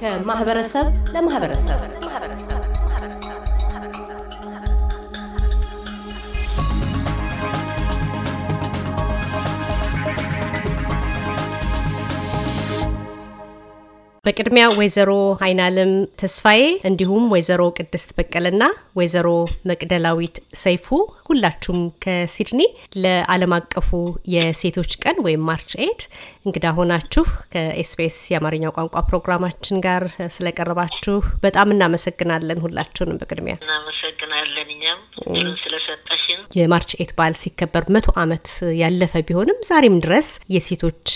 ከማህበረሰብ ለማህበረሰብ በቅድሚያ ወይዘሮ አይናለም ተስፋዬ እንዲሁም ወይዘሮ ቅድስት በቀለና ወይዘሮ መቅደላዊት ሰይፉ ሁላችሁም ከሲድኒ ለዓለም አቀፉ የሴቶች ቀን ወይም ማርች ኤድ እንግዳ ሆናችሁ ከኤስፔስ የአማርኛ ቋንቋ ፕሮግራማችን ጋር ስለቀረባችሁ በጣም እናመሰግናለን። ሁላችሁንም በቅድሚያ እናመሰግናለን። እኛም ስለሰጠሽን። የማርች ኤት በዓል ሲከበር መቶ ዓመት ያለፈ ቢሆንም ዛሬም ድረስ የሴቶች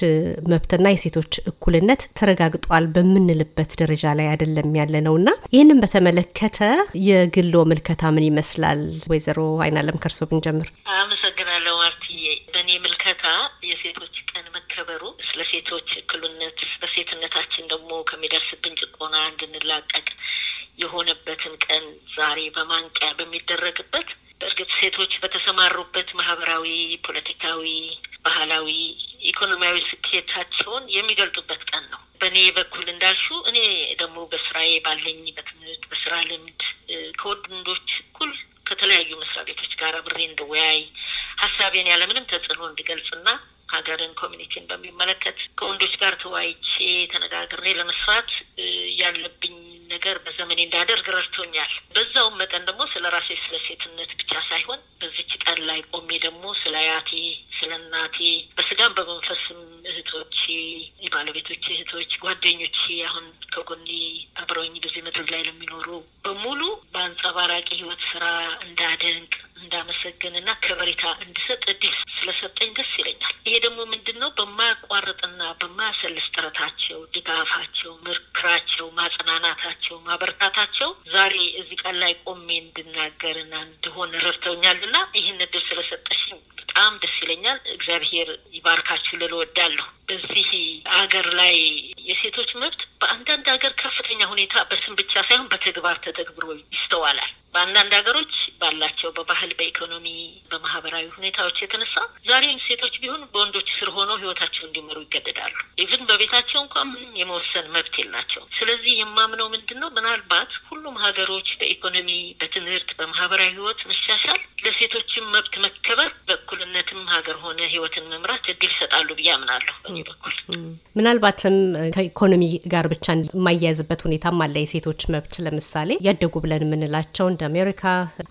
መብትና የሴቶች እኩልነት ተረጋግጧል በምንልበት ደረጃ ላይ አይደለም ያለ ነው እና ይህንን በተመለከተ የግሎ ምልከታ ምን ይመስላል? ወይዘሮ አይናለም ከርሶ ብንጀምር። አመሰግናለሁ ማርትዬ። በእኔ ምልከታ የሴቶች ቀን መከበሩ ስለ ሴቶች እኩልነት በሴትነታችን ደግሞ ከሚደርስብን ጭቆና እንድንላቀቅ የሆነበትን ቀን ዛሬ በማንቂያ በሚደረግበት በእርግጥ ሴቶች በተሰማሩበት ማህበራዊ፣ ፖለቲካዊ፣ ባህላዊ፣ ኢኮኖሚያዊ ስኬታቸውን የሚገልጡበት ቀን ነው። በእኔ በኩል እንዳልሹ እኔ ደግሞ በስራዬ ባለኝ በትምህርት በስራ ልምድ ከወንድ እኩል ከተለያዩ መስሪያ ቤቶች ጋር ብሬ እንድወያይ ሀሳቤን ያለምንም ተጽዕኖ እንድገልጽና ሀገርን ኮሚኒቲን በሚመለከት ከወንዶች ጋር ተወያይቼ ተነጋግሬ ለመስራት ያለብኝ ነገር በዘመኔ እንዳደርግ ረድቶኛል። በዛውም መጠን ደግሞ ስለ ራሴ ስለ ሴትነት ብቻ ሳይሆን በዚች ቀን ላይ ቆሜ ደግሞ ስለ አያቴ፣ ስለ እናቴ በስጋም በመንፈስም እህቶቼ፣ ባለቤቶች፣ እህቶች፣ ጓደኞች አሁን ከጎኔ አብረውኝ በዚህ ምድር ላይ ለሚኖሩ በሙሉ በአንጸባራቂ ህይወት ስራ እንዳደንቅ እንዳመሰግንና ከበሬታ እንድሰጥ እድል ስለሰጠኝ ደስ ይለኛል። ይሄ ደግሞ ምንድን ነው በማያቋርጥና በማያሰልስ ጥረታቸው፣ ድጋፋቸው፣ ምክራቸው፣ ማጽናናታቸው፣ ማበረታታቸው ዛሬ እዚህ ቃል ላይ ቆሜ እንድናገርና እንደሆነ ረድተውኛልና ይህን እድል ስለሰጠሽኝ በጣም ደስ ይለኛል። እግዚአብሔር ይባርካችሁ ልል እወዳለሁ። በዚህ አገር ላይ የሴቶች መብት በአንዳንድ ሀገር ከፍተኛ ሁኔታ በስም ብቻ ሳይሆን በተግባር ተተግብሮ ይስተዋላል። በአንዳንድ ሀገሮች ባላቸው በባህል፣ በኢኮኖሚ፣ በማህበራዊ ሁኔታዎች የተነሳ ዛሬም ሴቶች ቢሆን በወንዶች ስር ሆነው ህይወታቸው እንዲመሩ ይገደዳሉ። ኢቭን በቤታቸው እንኳ ምንም የመወሰን መብት የላቸውም። ስለዚህ የማምነው ምንድን ነው ምናልባት ሁሉም ሀገሮች በኢኮኖሚ፣ በትምህርት፣ በማህበራዊ ህይወት መሻሻል ለሴቶችም መብት መከበር በኩል ሀገር ሆነ ህይወትን መምራት እድል ይሰጣሉ ብዬ አምናለሁ። በዚህ በኩል ምናልባትም ከኢኮኖሚ ጋር ብቻ የማያያዝበት ሁኔታም አለ። የሴቶች መብት ለምሳሌ ያደጉ ብለን የምንላቸው እንደ አሜሪካ፣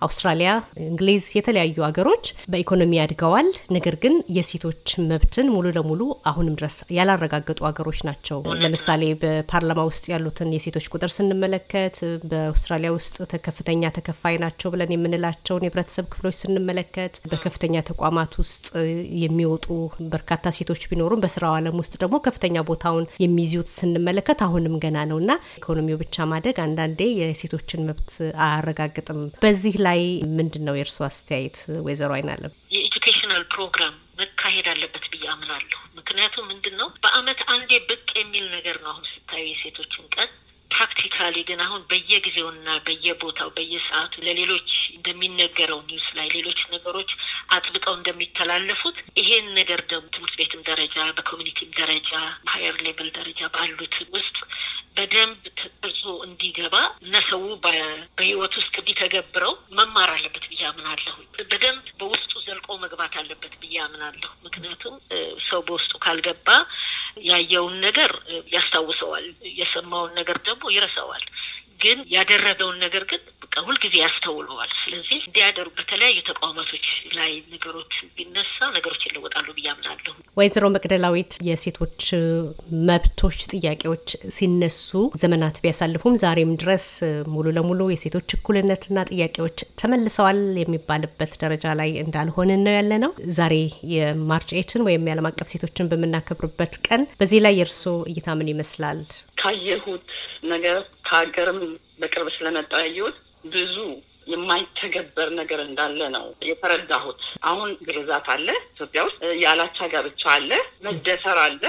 አውስትራሊያ፣ እንግሊዝ የተለያዩ ሀገሮች በኢኮኖሚ አድገዋል። ነገር ግን የሴቶች መብትን ሙሉ ለሙሉ አሁንም ድረስ ያላረጋገጡ ሀገሮች ናቸው። ለምሳሌ በፓርላማ ውስጥ ያሉትን የሴቶች ቁጥር ስንመለከት በአውስትራሊያ ውስጥ ከፍተኛ ተከፋይ ናቸው ብለን የምንላቸውን የህብረተሰብ ክፍሎች ስንመለከት በከፍተኛ ተቋማት ውስጥ ውስጥ የሚወጡ በርካታ ሴቶች ቢኖሩም በስራው ዓለም ውስጥ ደግሞ ከፍተኛ ቦታውን የሚይዙት ስንመለከት አሁንም ገና ነው እና ኢኮኖሚው ብቻ ማደግ አንዳንዴ የሴቶችን መብት አያረጋግጥም። በዚህ ላይ ምንድን ነው የእርስዎ አስተያየት ወይዘሮ አይናለም? የኤጁኬሽናል ፕሮግራም መካሄድ አለበት ብዬ አምናለሁ። ምክንያቱም ምንድን ነው በአመት አንዴ ብቅ የሚል ነገር ነው። አሁን ስታዩ የሴቶችን ቀን ፕራክቲካሊ ግን አሁን በየጊዜውና በየቦታው በየሰዓቱ ለሌሎች እንደሚነገረው ኒውስ ላይ ሌሎች ነገሮች አጥብቀው እንደሚተላለፉት ይሄን ነገር ደግሞ ትምህርት ቤትም ደረጃ በኮሚኒቲም ደረጃ በሀየር ሌቭል ደረጃ ባሉት ውስጥ በደንብ ተጠርዞ እንዲገባ እና ሰው በህይወት ውስጥ ቢተገብረው መማር አለበት ብዬ አምናለሁ። በደንብ በውስጡ ዘልቆ መግባት አለበት ብዬ አምናለሁ። ምክንያቱም ሰው በውስጡ ካልገባ ያየውን ነገር ያስታውሰዋል፣ የሰማውን ነገር ደግሞ ይረሳዋል። ግን ያደረገውን ነገር ግን ሁልጊዜ ያስተውለዋል። ስለዚህ እንዲያደሩ በተለያዩ ተቋማቶች ላይ ነገሮች ቢነሳ ነገሮች ይለወጣሉ ብዬ አምናለሁ። ወይዘሮ መቅደላዊት የሴቶች መብቶች ጥያቄዎች ሲነሱ ዘመናት ቢያሳልፉም ዛሬም ድረስ ሙሉ ለሙሉ የሴቶች እኩልነትና ጥያቄዎች ተመልሰዋል የሚባልበት ደረጃ ላይ እንዳልሆንን ነው ያለ ነው። ዛሬ የማርች ወይም የዓለም አቀፍ ሴቶችን በምናከብርበት ቀን በዚህ ላይ የእርስዎ እይታ ምን ይመስላል? ካየሁት ነገር ከሀገርም በቅርብ ስለመጣ ያየሁት ብዙ የማይተገበር ነገር እንዳለ ነው የተረዳሁት። አሁን ግርዛት አለ ኢትዮጵያ ውስጥ፣ ያላቻ ጋብቻ አለ፣ መደፈር አለ።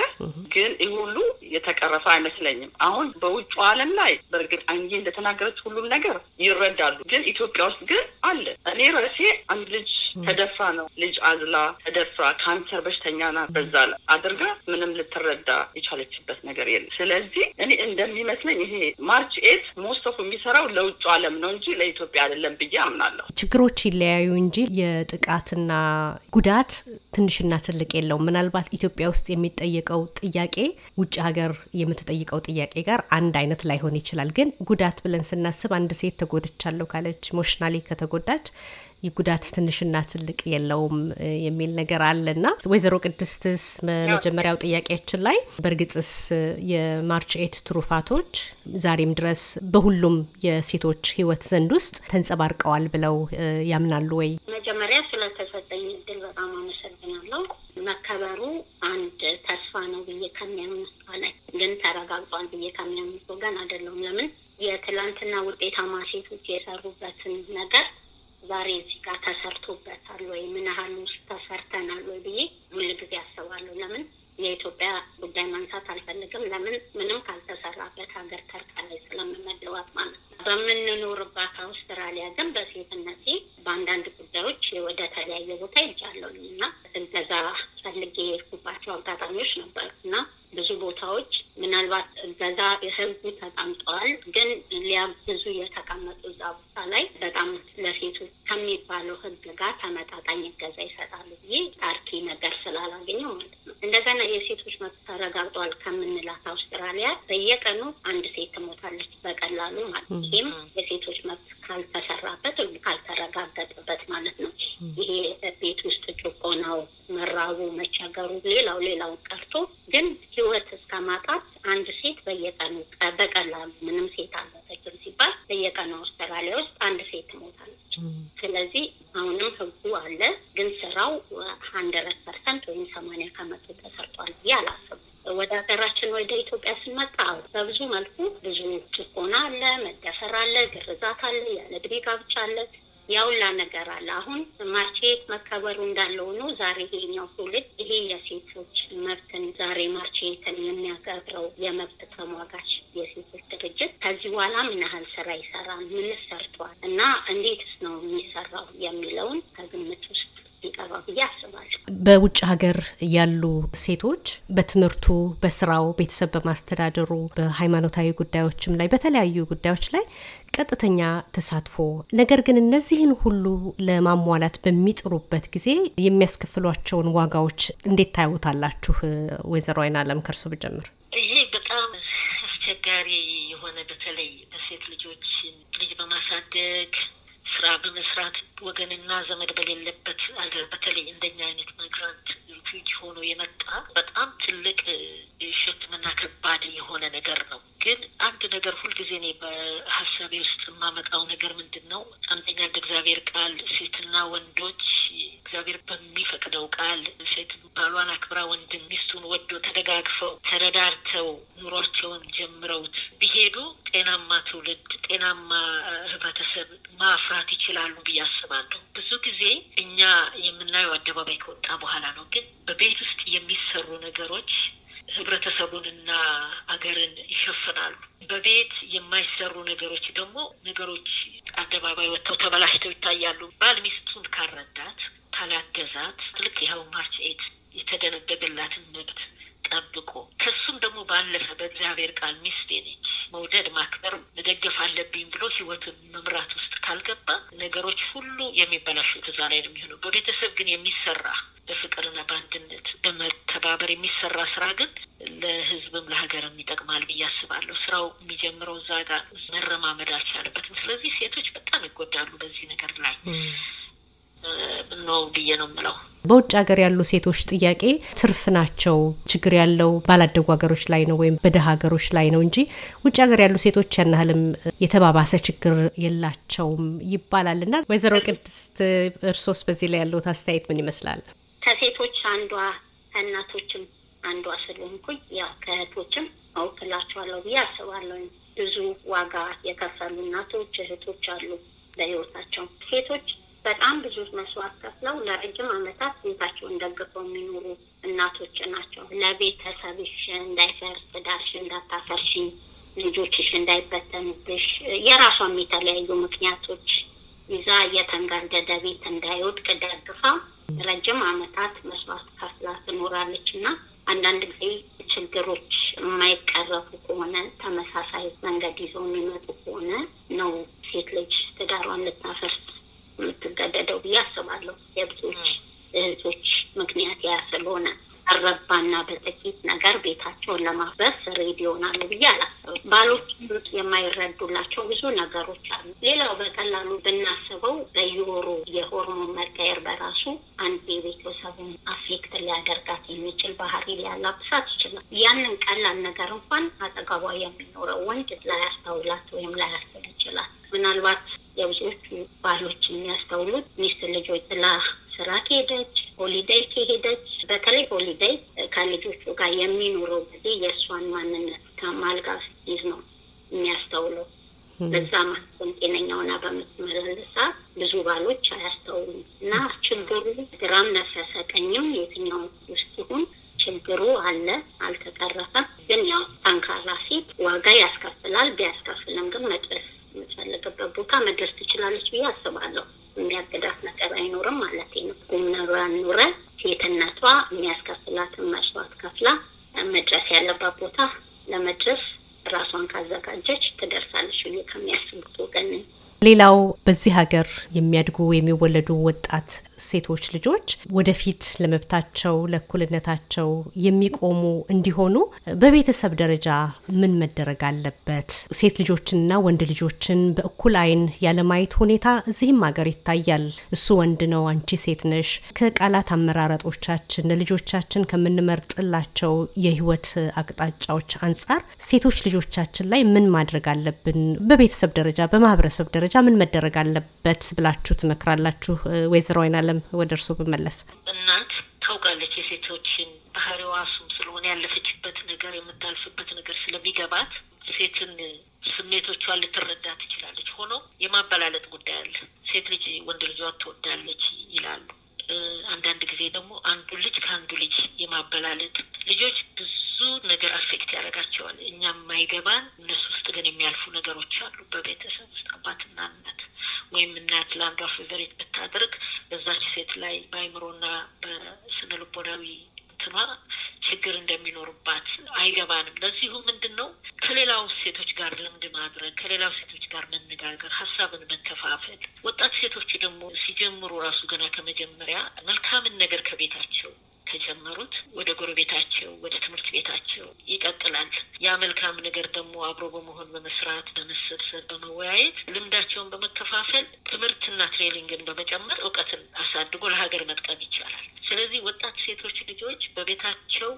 ግን ይህ ሁሉ የተቀረፈ አይመስለኝም። አሁን በውጭ ዓለም ላይ በእርግጥ አንጌ እንደተናገረች ሁሉም ነገር ይረዳሉ። ግን ኢትዮጵያ ውስጥ ግን አለ። እኔ ራሴ አንድ ልጅ ተደፍራ ነው ልጅ አዝላ ተደፍራ ካንሰር በሽተኛ ናት በዛ አድርጋ ምንም ልትረዳ የቻለችበት ነገር የለም። ስለዚህ እኔ እንደሚመስለኝ ይሄ ማርች ኤት ሞስቶፍ የሚሰራው ለውጭ አለም ነው እንጂ ለኢትዮጵያ አይደለም ብዬ አምናለሁ። ችግሮች ይለያዩ እንጂ የጥቃትና ጉዳት ትንሽና ትልቅ የለውም። ምናልባት ኢትዮጵያ ውስጥ የሚጠየቀው ጥያቄ ውጭ ሀገር የምትጠይቀው ጥያቄ ጋር አንድ አይነት ላይሆን ይችላል። ግን ጉዳት ብለን ስናስብ አንድ ሴት ተጎድቻለሁ ካለች ኢሞሽናሊ ከተጎዳች የጉዳት ትንሽና ትልቅ የለውም የሚል ነገር አለና ወይዘሮ ቅድስትስ መጀመሪያው ጥያቄያችን ላይ በእርግጥስ የማርች ኤት ትሩፋቶች ዛሬም ድረስ በሁሉም የሴቶች ህይወት ዘንድ ውስጥ ተንጸባርቀዋል ብለው ያምናሉ ወይ? መጀመሪያ ስለተሰጠኝ እድል በጣም አመሰግናለሁ። መከበሩ አንድ ተስፋ ነው ብዬ ከሚያምኑት በላይ ግን ተረጋግጧል ብዬ ከሚያምኑት ወገን አይደለሁም። ለምን የትላንትና ውጤታማ ሴቶች የሰሩበትን ነገር ዛሬ እዚህ ጋር ተሰርቶበታል ወይ ምን ያህል ውስጥ ተሰርተናል ወይ ብዬ ሁል ጊዜ አስባለሁ። ለምን የኢትዮጵያ ጉዳይ ማንሳት አልፈልግም። ለምን ምንም ካልተሰራበት ሀገር ተርታ ላይ ስለምመደባት ማለት ነው። በምንኖርባት አውስትራሊያ ግን በሴትነቴ በአንዳንድ ጉዳዮች ወደ ተለያየ ቦታ ይጃለሁኝ እና እገዛ ፈልጌ የሄድኩባቸው አጋጣሚዎች ነበር። ነው ማለት ይህም የሴቶች መብት ካልተሰራበት ወይም ካልተረጋገጠበት ማለት ነው። ይሄ ቤት ውስጥ ጭቆናው፣ መራቡ፣ መቸገሩ ሌላው ሌላው ያውላ ነገር አለ። አሁን ማርቼት መከበሩ እንዳለ ሆኖ ዛሬ ይሄኛው ትውልድ ይሄ የሴቶች መብትን ዛሬ ማርቼትን የሚያከብረው የመብት ተሟጋች የሴቶች ድርጅት ከዚህ በኋላ ምን ያህል ስራ ይሰራል፣ ምን ሰርቷል እና እንዴትስ ነው የሚሰራው የሚለውን ከግምት ውስጥ ይቀርባል ብዬ አስባለሁ። በውጭ ሀገር ያሉ ሴቶች በትምህርቱ፣ በስራው፣ ቤተሰብ በማስተዳደሩ፣ በሃይማኖታዊ ጉዳዮችም ላይ በተለያዩ ጉዳዮች ላይ ቀጥተኛ ተሳትፎ ነገር ግን እነዚህን ሁሉ ለማሟላት በሚጥሩበት ጊዜ የሚያስከፍሏቸውን ዋጋዎች እንዴት ታዩታላችሁ? ወይዘሮ አይን አለም ከእርሶ ብጀምር። ይሄ በጣም አስቸጋሪ የሆነ በተለይ በሴት ልጆች ልጅ በማሳደግ ስራ በመስራት ወገንና ዘመድ በሌለበት አገር በተለይ እንደኛ አይነት ማይግራንት ሪፊውጂ ሆኖ የመጣ በጣም ትልቅ ሸክምና ከባድ የሆነ ነገር ነው። ግን አንድ ነገር ሁልጊዜ እኔ በሀሳቤ ውስጥ የማመጣው ነገር ምንድን ነው? አንደኛ እንደ እግዚአብሔር ቃል ሴትና ወንዶች እግዚአብሔር በሚፈቅደው ቃል ሴት ባሏን አክብራ ወንድ ሚስቱን ወዶ ተደጋግፈው ተረዳርተው ኑሯቸውን ጀምረውት ቢሄዱ ጤናማ ትውልድ፣ ጤናማ ህብረተሰብ ማፍራት ይችላሉ ብዬ አስባለሁ። ብዙ ጊዜ እኛ የምናየው አደባባይ ከወጣ በኋላ ነው። ግን በቤት ውስጥ የሚሰሩ ነገሮች ህብረተሰቡንና አገርን ይሸፍናሉ። በቤት የማይሰሩ ነገሮች ደግሞ ነገሮች አደባባይ ወጥተው ተበላሽተው ይታያሉ። ባል ሚስቱን ካረዳት፣ ካላገዛት ልክ ይኸው ማርች ኤት የተደነገገላትን መብት ጠብቆ ከሱም ደግሞ ባለፈ በእግዚአብሔር ቃል ሚስቴ ነች መውደድ፣ ማክበር፣ መደገፍ አለብኝ ብሎ ህይወትን መምራት ውስጥ ካልገባ ነገሮች ሁሉ የሚበላሹት እዛ ላይ ነው የሚሆነው። በቤተሰብ ግን የሚሰራ በፍቅርና በአንድነት በመተባበር የሚሰራ ስራ ግን ለህዝብም ለሀገርም ይጠቅማል ብዬ አስባለሁ። ስራው የሚጀምረው እዛ ጋር መረማመድ አልቻለበትም። ስለዚህ ሴቶች በጣም ይጎዳሉ በዚህ ነገር ላይ እንትን ነው ብዬ ነው ምለው። በውጭ ሀገር ያሉ ሴቶች ጥያቄ ትርፍ ናቸው። ችግር ያለው ባላደጉ ሀገሮች ላይ ነው ወይም በደሃ ሀገሮች ላይ ነው እንጂ ውጭ ሀገር ያሉ ሴቶች ያን ያህልም የተባባሰ ችግር የላቸውም ይባላል እና ወይዘሮ ቅድስት እርሶስ በዚህ ላይ ያለዎት አስተያየት ምን ይመስላል? ከሴቶች አንዷ ከእናቶችም አንዷ ስለሆንኩኝ ያው ከእህቶችም አውቅላቸዋለሁ ብዬ አስባለሁ። ብዙ ዋጋ የከፈሉ እናቶች እህቶች አሉ በህይወታቸው ሴቶች በጣም ብዙ መስዋዕት ከፍለው ለረጅም ዓመታት ቤታቸውን ደግፈው የሚኖሩ እናቶች ናቸው። ለቤተሰብሽ እንዳይፈርስ ዳርሽ እንዳታፈርሽኝ፣ ልጆችሽ እንዳይበተንብሽ፣ የራሷም የተለያዩ ምክንያቶች ይዛ እየተንጋደደ ቤት እንዳይወድቅ ደግፋ ረጅም ዓመታት መስዋዕት ከፍላ ትኖራለች እና አንዳንድ ጊዜ ችግሮች የማይቀረፉ ከሆነ ተመሳሳይ መንገድ ይዘው የሚመጡ ከሆነ ነው ሴት ልጅ ትዳሯን ልታፈርስ የምትገደደው ብዬ አስባለሁ። የብዙዎች እህቶች ምክንያት ያ ስለሆነ ረባና በጥቂት ነገር ቤታቸውን ለማፍረስ ሬዲ ይሆናሉ ብዬ አላስብም። ባሎች የማይረዱላቸው ብዙ ነገሮች አሉ። ሌላው በቀላሉ ብናስበው በየወሩ የሆርሞን መቀየር በራሱ አንድ የቤተሰቡን አፌክት ሊያደርጋት የሚችል ባህሪ ሊያላብሳት ይችላል። ያንን ቀላል ነገር እንኳን አጠገቧ የሚኖረው ወንድ ላያስተውላት ወይም ላያስብ ይችላል። ምናልባት የብዙዎቹ ባሎች የሚያስተውሉት ሚስት ልጆች ጥላ ስራ ከሄደች፣ ሆሊዴይ ከሄደች፣ በተለይ ሆሊዴይ ከልጆቹ ጋር የሚኖረው ጊዜ የእሷን ማንነት ከማል ይዝ ነው የሚያስተውለው። በዛ ማክሰም ጤነኛውና በምትመላለስ ሰዓት ብዙ ባሎች አያስተውሉም እና ችግሩ ግራም ነፈሰ ቀኝም የትኛው ውስጥ ይሁን ችግሩ አለ፣ አልተቀረፈም። 你楼。በዚህ ሀገር የሚያድጉ የሚወለዱ ወጣት ሴቶች ልጆች ወደፊት ለመብታቸው ለእኩልነታቸው የሚቆሙ እንዲሆኑ በቤተሰብ ደረጃ ምን መደረግ አለበት? ሴት ልጆችንና ወንድ ልጆችን በእኩል አይን ያለማየት ሁኔታ እዚህም ሀገር ይታያል። እሱ ወንድ ነው፣ አንቺ ሴት ነሽ። ከቃላት አመራረጦቻችን ለልጆቻችን ከምንመርጥላቸው የህይወት አቅጣጫዎች አንጻር ሴቶች ልጆቻችን ላይ ምን ማድረግ አለብን? በቤተሰብ ደረጃ በማህበረሰብ ደረጃ ምን መደረግ አለበት ብላችሁ ትመክራላችሁ? ወይዘሮ አይናለም ወደ እርስዎ ብመለስ፣ እናት ታውቃለች የሴቶችን ባህሪዋ እሱም ስለሆነ ያለፈችበት ነገር የምታልፍበት ነገር ስለሚገባት ሴትን ስሜቶቿን ልትረዳ ትችላለች። ሆኖ የማበላለጥ ጉዳይ አለ። ሴት ልጅ ወንድ ልጇ ትወዳለች ይላሉ። አንዳንድ ጊዜ ደግሞ አንዱ ልጅ ከአንዱ ልጅ የማበላለጥ ልጆች ብዙ ነገር አፌክት ያደርጋቸዋል። እኛም የማይገባን እነሱ ውስጥ ግን የሚያልፉ ነገሮች አሉ። በቤተሰብ ውስጥ አባትና እናት ወይም እናት ለአንዷ ፌቨሬት ብታደርግ በዛች ሴት ላይ በአይምሮና በስነ ልቦናዊ ትማ ችግር እንደሚኖርባት አይገባንም። ለዚሁ ምንድን ነው ከሌላው ሴቶች ጋር ልምድ ማድረግ፣ ከሌላው ሴቶች ጋር መነጋገር፣ ሀሳብን መከፋፈል። ወጣት ሴቶች ደግሞ ሲጀምሩ ራሱ ገና ከመጀመሪያ መልካምን ነገር ያ መልካም ነገር ደግሞ አብሮ በመሆን በመስራት በመሰብሰብ በመወያየት ልምዳቸውን በመከፋፈል ትምህርትና ትሬኒንግን በመጨመር እውቀትን አሳድጎ ለሀገር መጥቀም ይቻላል። ስለዚህ ወጣት ሴቶች ልጆች በቤታቸው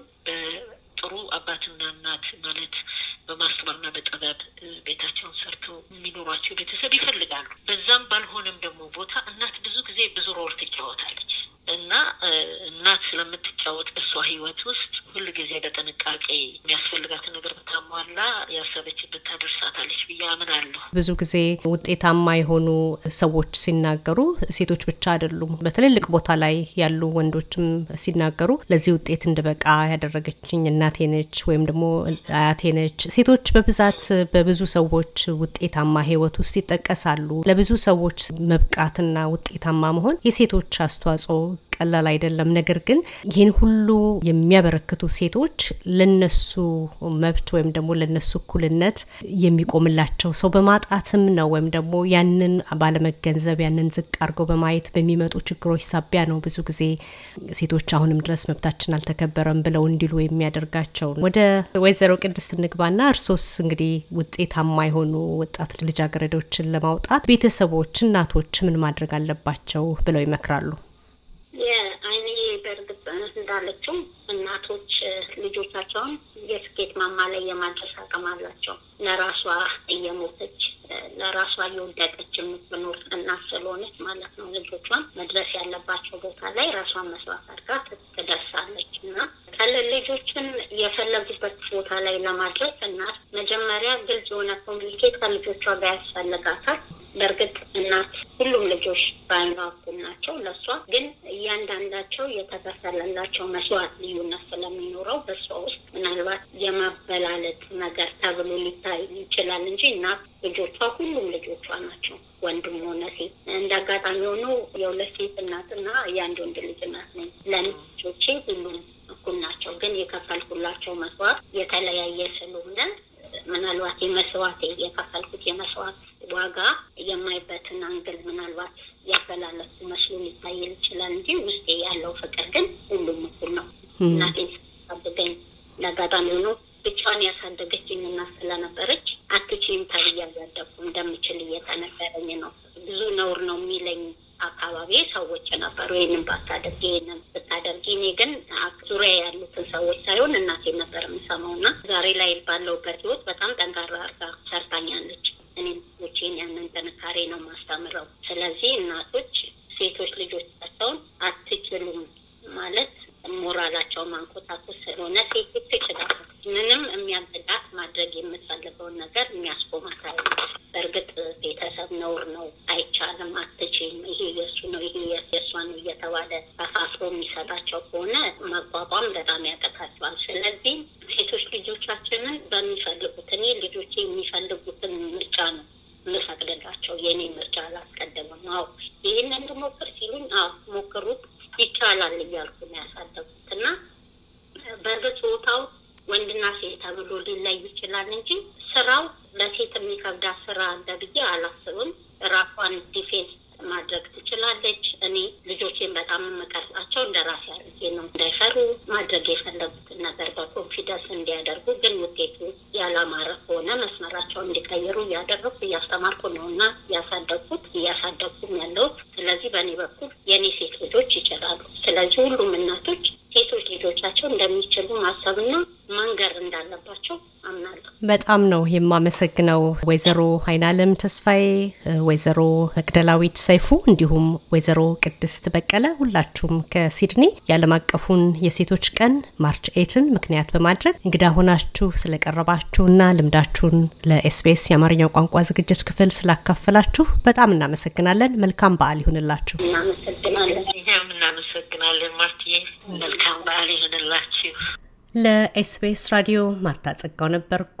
ጥንቃቄ የሚያስፈልጋትን ነገር ብታሟላ ያሰበችበት ታደርሳታለች ብዬ አምናለሁ። ብዙ ጊዜ ውጤታማ የሆኑ ሰዎች ሲናገሩ ሴቶች ብቻ አይደሉም፣ በትልልቅ ቦታ ላይ ያሉ ወንዶችም ሲናገሩ ለዚህ ውጤት እንድበቃ ያደረገችኝ እናቴ ነች ወይም ደግሞ አያቴ ነች። ሴቶች በብዛት በብዙ ሰዎች ውጤታማ ህይወት ውስጥ ይጠቀሳሉ። ለብዙ ሰዎች መብቃትና ውጤታማ መሆን የሴቶች አስተዋጽኦ ቀላል አይደለም። ነገር ግን ይህን ሁሉ የሚያበረክቱ ሴቶች ለነሱ መብት ወይም ደግሞ ለነሱ እኩልነት የሚቆምላቸው ሰው በማጣትም ነው ወይም ደግሞ ያንን ባለመገንዘብ ያንን ዝቅ አድርገው በማየት በሚመጡ ችግሮች ሳቢያ ነው ብዙ ጊዜ ሴቶች አሁንም ድረስ መብታችን አልተከበረም ብለው እንዲሉ የሚያደርጋቸው። ወደ ወይዘሮ ቅድስት እንግባና እርሶስ እንግዲህ ውጤታማ የሆኑ ወጣት ልጃገረዶችን ለማውጣት ቤተሰቦች፣ እናቶች ምን ማድረግ አለባቸው ብለው ይመክራሉ? የአይኔ በእርግጥ እንዳለችው እናቶች ልጆቻቸውን የስኬት ማማ ላይ የማድረስ አቅም አላቸው። ለራሷ እየሞተች ለራሷ እየወደቀች የምትኖር እናት ስለሆነች ማለት ነው። ልጆቿን መድረስ ያለባቸው ቦታ ላይ ራሷን መስዋዕት አድርጋ ትደርሳለች እና ልጆችን የፈለጉበት ቦታ ላይ ለማድረስ እናት መጀመሪያ ግልጽ የሆነ ኮሚኒኬት ከልጆቿ ጋር ያስፈልጋታል። በእርግጥ እናት ሁሉም ልጆች በአይኗ እኩል ናቸው። ለእሷ ግን እያንዳንዳቸው የተከፈለላቸው መስዋዕት ልዩነት ስለሚኖረው በእሷ ውስጥ ምናልባት የማበላለጥ ነገር ተብሎ ሊታይ ይችላል እንጂ እናት ልጆቿ ሁሉም ልጆቿ ናቸው። ወንድም ሆነ ሴት። እንደ አጋጣሚ ሆኖ የሁለት ሴት እናትና የአንድ ወንድ ልጅ እናት ነኝ። ለልጆቼ ሁሉም እኩል ናቸው። ግን የከፈልኩላቸው መስዋዕት የተለያየ ስለሆነ ምናልባት የመስዋዕት የከፈልኩት የመስዋዕት ዋጋ የማይበትን አንግል ምናልባት ያበላለፉ መስሎ ሊታየል ይችላል እንጂ ውስጤ ያለው ፍቅር ግን ሁሉም እኩል ነው። እናቴን ስታሳድገኝ ለአጋጣሚ ሆኖ ብቻዋን ያሳደገችኝ እና ስለነበረች አትችይም ተብዬ እያደኩ እንደምችል እየተነገረኝ ነው። ብዙ ነውር ነው የሚለኝ አካባቢ ሰዎች ነበሩ። ይህንን ባታደርጊ፣ ይህንን ብታደርጊ። እኔ ግን ዙሪያ ያሉትን ሰዎች ሳይሆን እናቴ ነበር የምሰማው እና ዛሬ ላይ ባለውበት ህይወት በጣም ጠንካራ አርጋ ሰርታኛለች። ልጆቼን ያንን ጥንካሬ ነው ማስተምረው። ስለዚህ እናቶች ሴቶች ልጆቻቸውን አትችሉም ማለት ሞራላቸው ማንቆታኮስ ስለሆነ ሴት ትችላለች። ምንም የሚያበዳት ማድረግ የምትፈልገውን ነገር የሚያስቆማት በእርግጥ ቤተሰብ ነውር ነው፣ አይቻልም፣ አትችም፣ ይሄ የእሱ ነው፣ ይሄ የእሷ ነው እየተባለ ተፋፍሮ የሚሰጣቸው ከሆነ መቋቋም በጣም ያቀታቸዋል። ስለዚህ ሴቶች ልጆቻችንን በሚፈልጉት እኔ ልጆቼ የሚፈልጉ እያስተማርኩ ነው እና ያሳደግኩት በጣም ነው የማመሰግነው ወይዘሮ ሀይናለም ተስፋዬ፣ ወይዘሮ መግደላዊት ሰይፉ እንዲሁም ወይዘሮ ቅድስት በቀለ ሁላችሁም ከሲድኒ የዓለም አቀፉን የሴቶች ቀን ማርች ኤትን ምክንያት በማድረግ እንግዳ ሆናችሁ ስለቀረባችሁና ልምዳችሁን ለኤስቢኤስ የአማርኛው ቋንቋ ዝግጅት ክፍል ስላካፈላችሁ በጣም እናመሰግናለን። መልካም በዓል ይሁንላችሁ። እናመሰግናለን። ማርትዬ። መልካም በዓል ይሁንላችሁ። ለኤስቢኤስ ራዲዮ ማርታ ጸጋው ነበርኩ።